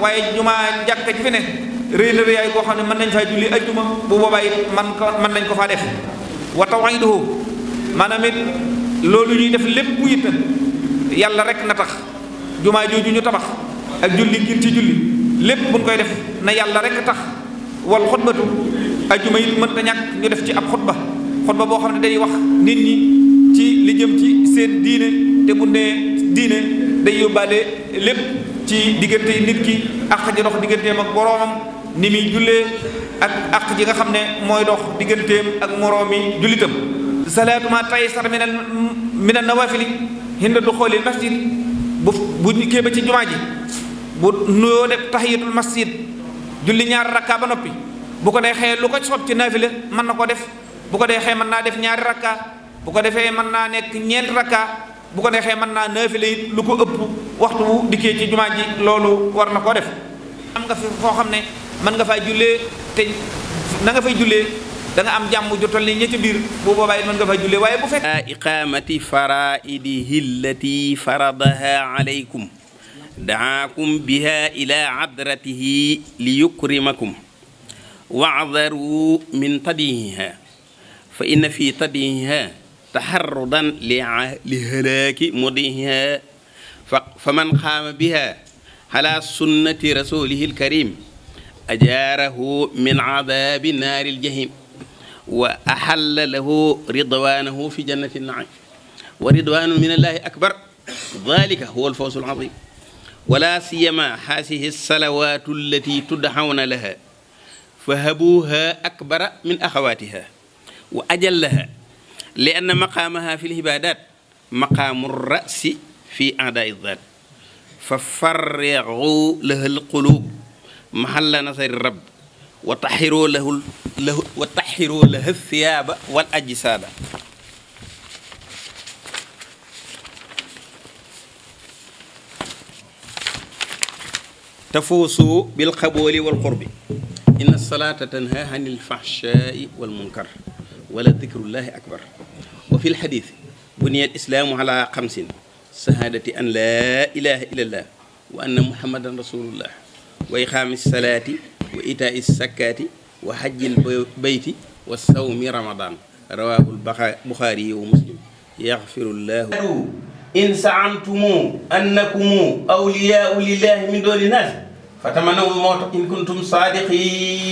waaye jumaa jàkk ci fi ne rëy na rëyaay koo xam ne mën nañ faa julli ajjuma bu boobaa it man ko mën nañ ko faa def wa tawxiiduhu maanaam it loolu ñuy def lépp it na yàlla rek na tax jumaa jooju ñu tabax ak julli ngir ci julli lépp buñ koy def na yàlla rek tax wal xutbatu ajjuma it mën ta ñàkk ñu def ci ab xutba xutba boo xam ne day wax nit ñi ci li jëm ci seen diine te bu nee diine day yóbbaale lépp ci diggante nit ki ak ji dox digganteem ak boroomam ni muy jullee ak ak ji nga xam ne mooy dox digganteem ak moroomi jullitam salaatu ma taysar min al min al nawafili hinda du xoolil masjid bu bu kii ci jumaa ji bu nuyoo def tahiyatul masjid julli ñaar rakka ba noppi bu ko neexee lu ko sob ci naafile mën na koo def bu ko deexee mën naa def ñaari rakka bu ko defee mën naa nekk ñeenti rakka bu ko neexee mën naa naafila it lu ko ëpp waxtu wu dikkee ci juma ji loolu war na def am nga fi foo ne nga faa julé te na nga fay julé da nga am jàmm ju toll ni ña ca bu boobaa man nga faa jullee waaye bu fekk iqamati faraidihi allati faradaha alaykum daakum biha ila adratihi li yukrimakum wa'dharu min فإن في طبعها تحرضا لهلاك مضيها فمن قام بها على سنة رسوله الكريم أجاره من عذاب نار الجحيم وأحل له رضوانه في جنة النعيم ورضوان من الله أكبر ذلك هو الفوز العظيم ولا سيما هذه الصلوات التي تدعون لها فهبوها أكبر من أخواتها وأجلها لأن مقامها في العبادات مقام الرأس في أعداء الذات ففرغوا له القلوب محل نصر الرب وطحروا له, له وطحروا له الثياب والأجساد تفوسوا بالقبول والقرب إن الصلاة تنهى عن الفحشاء والمنكر ولذكر الله أكبر وفي الحديث بني الإسلام على خمس شهادة أن لا إله إلا الله وأن محمدا رسول الله وإقام الصلاة وإيتاء الزكاة وحج البيت والصوم رمضان رواه البخاري ومسلم يغفر الله إن زعمتم أنكم أولياء لله من دون الناس فتمنوا الموت إن كنتم صادقين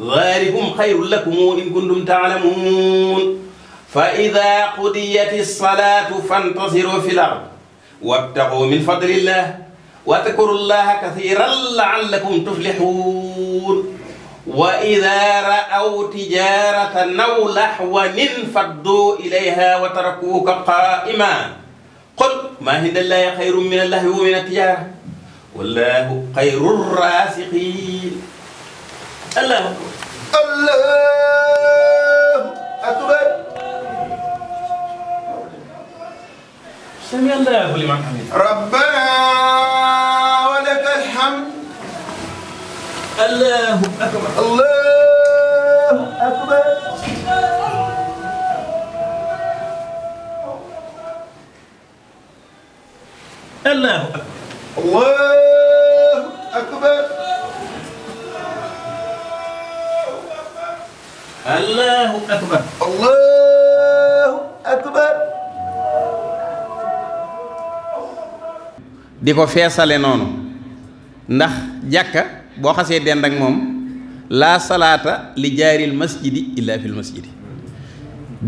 ذلكم خير لكم إن كنتم تعلمون فإذا قضيت الصلاة فانتصروا في الأرض وابتغوا من فضل الله واذكروا الله كثيرا لعلكم تفلحون وإذا رأوا تجارة أو لحوا انفضوا إليها وتركوك قائما قل ما عند الله خير من الله ومن التجارة والله خير الراسخين الله أكبر الله أكبر سمي الله أكبر حمده ربنا ولك الحمد الله أكبر الله أكبر الله أكبر الله Allahu Akbar. Allahu Akbar. di fessale nonu. ndax jakka bo xasse dend ak mom la salata li jaaril masjidi illa fil masjidi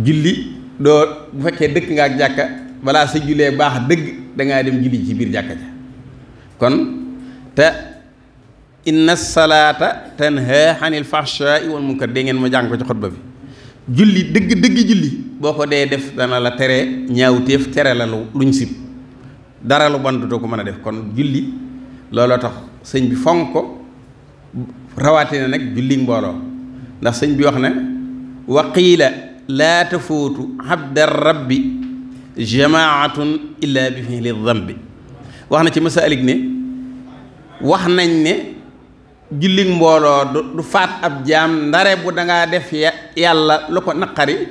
julli do bu fekke dekk nga ak jàkka balaa sa bax deug da nga dem julli ci bir jakka ja kon ta inna salaata tanha anil fahshaai wal munkar dee ngeen ma jàng ko ci xutba bi julli dëgg dëgg julli boo ko dee def dana la tere ñaawteef tere la lu luñ sib dara lu bon dutoo ko mën a def kon julli looloo tax sëñ bi fonk ko rawatina nag julli mbooloo ndax sëñ bi wax ne wa qiila laa tafuutu abda rabbi jamaatun illa bi fiili dambi wax na ci masaalik ne wax nañ ne giling mbolo du fat ab jam ndare bu nga def yalla lu ko naqari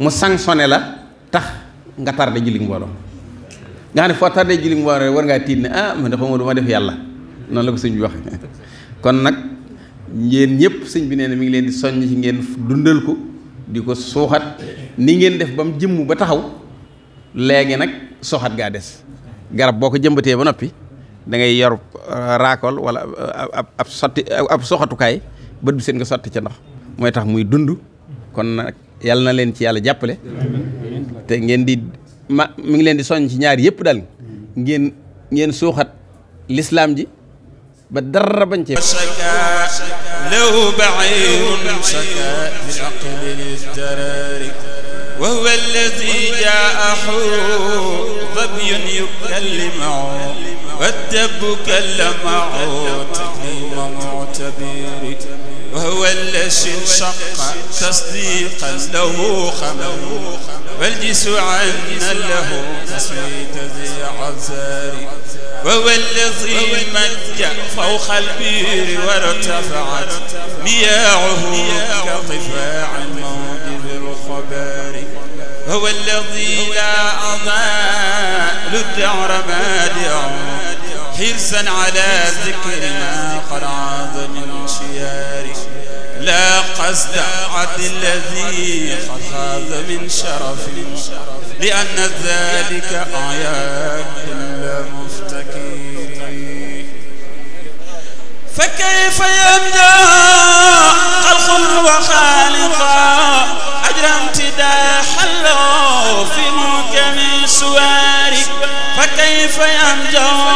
mu sanctionné la tax nga tardé jullit mbolo nga ni fo tardé mbolo war nga ah man de xamuma duma def yalla non la ko señ bi waxe kon nak ngeen ñepp señ bi neena mi ngi leen di soñ ci ngeen dundal ko diko soxat ni ngeen def bam jëm jëmm ba taxaw gades, nak soxat ga dess garab boko ba nopi dangay yor euh, raakol wala euh, ab sotti euh, ab soxatukaay bët bi seen nga sotti ca ndox mooy tax muy dund kon nag na leen ci yàlla jàppale te ngeen di ma mi ngi leen di soññ ci ñaar yëpp daal ngeen ngeen suuxat lislaam ji ba dara bañ cee له بعير شكا من عقل الدراري وهو الذي جاء حور ظبي يكلمه والدب كالمعوت هو وهو الذي انشق تصديقا له خمر والجس عنا له تصويت ذي عذار وهو الذي مج فوق البير وارتفعت مياعه كطفاع الموج بالخبار هو الذي لا أضاء للدعر مادع حرصا على ذكر ما قد عاد من شياري لا قصد عد الذي قد من شرف لأن ذلك أعيان كل مفتكر فكيف يمدى خلق وخالقا أجر امتداء حلوا في موكب سواري فكيف يمدى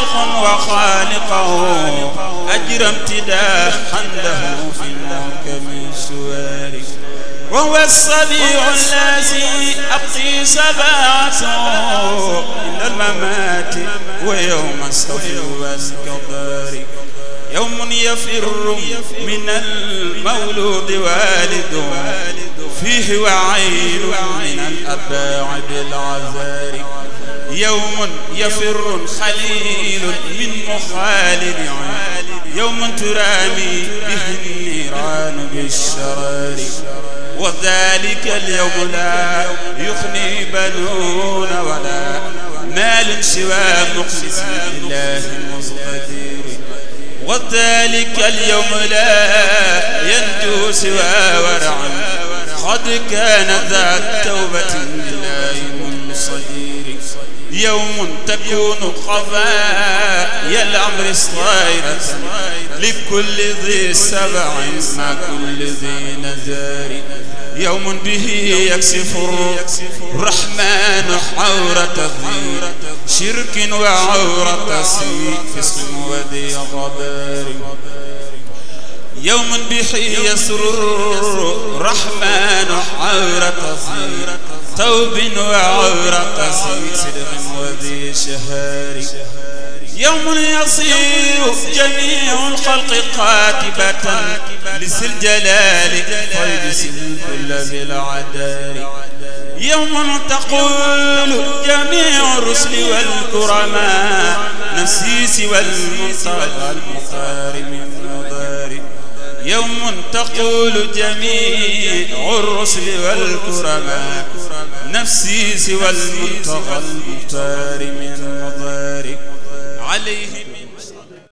شيخا وخالقه أجر امتداحا له في المحكم سواري وهو الصبيع الذي أبقي سبعته إلى الممات ويوم الصفي والكبار يوم يفر من المولود والده فيه وعين من الأباع بالعذار يوم يفر خليل من مخالد يوم ترامي به النيران بالشرر وذلك اليوم لا يخني بنون ولا مال سوى مخلص لله مقتدر وذلك اليوم لا ينجو سوى ورع قد كان ذا توبة يوم تكون يا الأمر صغيرة لكل ذي سبع مع كل ذي نزار يوم به يكسف الرحمن عورة ذي شرك وعورة فسق وذي غبار يوم به يسرر الرحمن عورة ثوب وعورة صدق لشهاري يوم يصير جميع الخلق قاتبة لس الجلال ويجسم كل ذي يوم تقول جميع الرسل والكرماء نفسي سوى المنصر من المضاري يوم تقول جميع الرسل والكرماء نفسي سوى المنتقى المختار من مضارك عليه